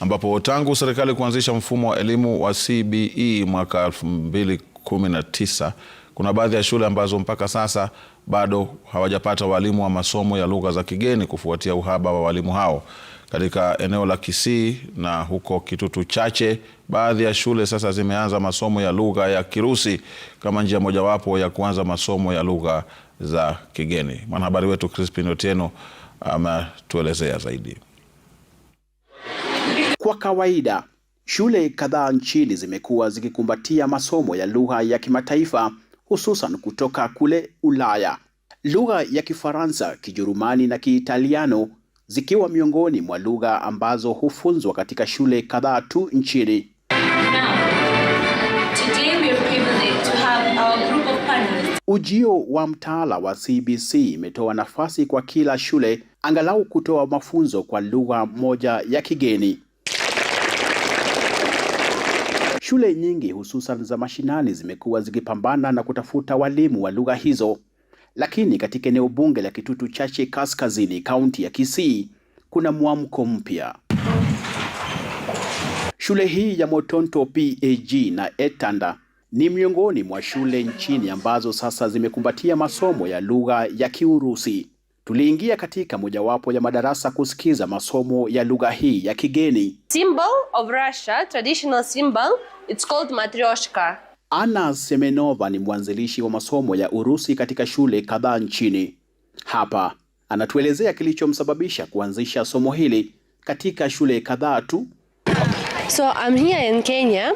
ambapo tangu serikali kuanzisha mfumo wa elimu wa CBE mwaka 2019 kuna baadhi ya shule ambazo mpaka sasa bado hawajapata walimu wa masomo ya lugha za kigeni kufuatia uhaba wa walimu hao. Katika eneo la Kisii na huko Kitutu Chache, baadhi ya shule sasa zimeanza masomo ya lugha ya Kirusi kama njia mojawapo ya kuanza masomo ya lugha za kigeni. Mwanahabari wetu Crispin Otieno ametuelezea zaidi. Kwa kawaida, shule kadhaa nchini zimekuwa zikikumbatia masomo ya lugha ya kimataifa, hususan kutoka kule Ulaya. Lugha ya Kifaransa, Kijerumani na Kiitaliano zikiwa miongoni mwa lugha ambazo hufunzwa katika shule kadhaa tu nchini. Ujio wa mtaala wa CBC imetoa nafasi kwa kila shule angalau kutoa mafunzo kwa lugha moja ya kigeni. Shule nyingi hususan za mashinani zimekuwa zikipambana na kutafuta walimu wa lugha hizo, lakini katika eneo bunge la Kitutu Chache Kaskazini, kaunti ya Kisii, kuna mwamko mpya. Shule hii ya Motonto PAG na Etanda ni miongoni mwa shule nchini ambazo sasa zimekumbatia masomo ya lugha ya Kiurusi. Tuliingia katika mojawapo ya madarasa kusikiza masomo ya lugha hii ya kigeni. Symbol of Russia, traditional symbol, it's called matryoshka. Anna Semenova ni mwanzilishi wa masomo ya Urusi katika shule kadhaa nchini. Hapa anatuelezea kilichomsababisha kuanzisha somo hili katika shule kadhaa tu. So I'm here in Kenya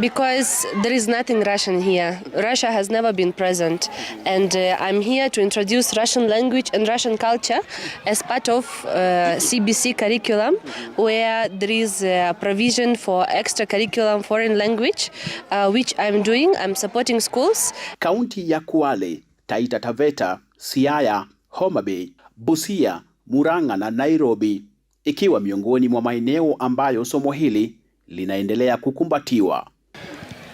because there is nothing Russian here. Russia has never been present, and uh, I'm here to introduce Russian language and Russian culture as part of uh, CBC curriculum, where there is a provision for extra curriculum foreign language, uh, which I'm doing. I'm supporting schools. County ya Kwale, Taita Taveta, Siaya, Homa Bay, Busia, Murang'a na Nairobi ikiwa miongoni mwa maeneo ambayo somo hili linaendelea kukumbatiwa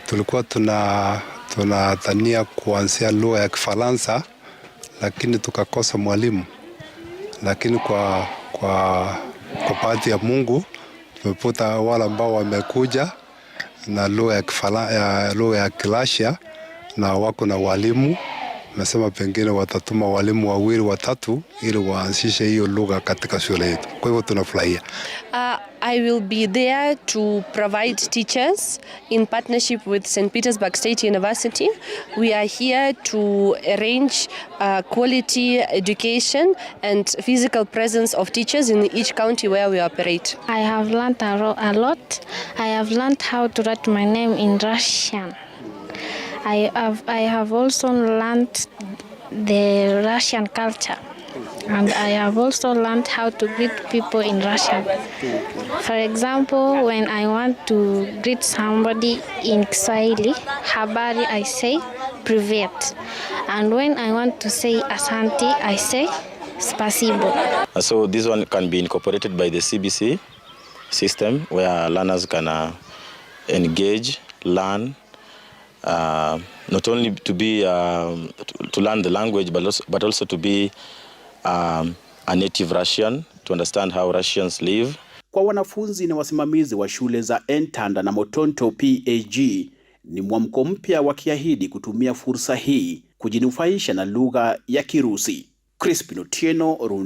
tulikuwa tuna tunadhania kuanzia lugha ya Kifaransa, lakini tukakosa mwalimu. Lakini kwa, kwa, kwa bahati ya Mungu tumepata wale ambao wamekuja na lugha ya Kifaransa, lugha ya Kirusi na wako na walimu Nasema pengine watatuma walimu wawili watatu ili waanzishe hiyo lugha katika shule yetu. Kwa hivyo tunafurahia. Uh, I will be there to provide teachers in partnership with St. Petersburg State University. We are here to arrange uh, quality education and physical presence of teachers in each county where we operate. I have learned a lot. I have learned how to write my name in Russian. I have, I have also learned the Russian culture and I have also learned how to greet people in Russian. For example, when I want to greet somebody in Kiswahili, habari, I say privet. And when I want to say asante, I say spasibo. Uh, so this one can be incorporated by the CBC system where learners can uh, engage, learn, uh, not only to be uh, to, to learn the language but also, but also to be um, a native Russian to understand how Russians live. Kwa wanafunzi na wasimamizi wa shule za Entanda na Motonto PAG ni mwamko mpya wakiahidi kutumia fursa hii kujinufaisha na lugha ya Kirusi. Crispin Otieno,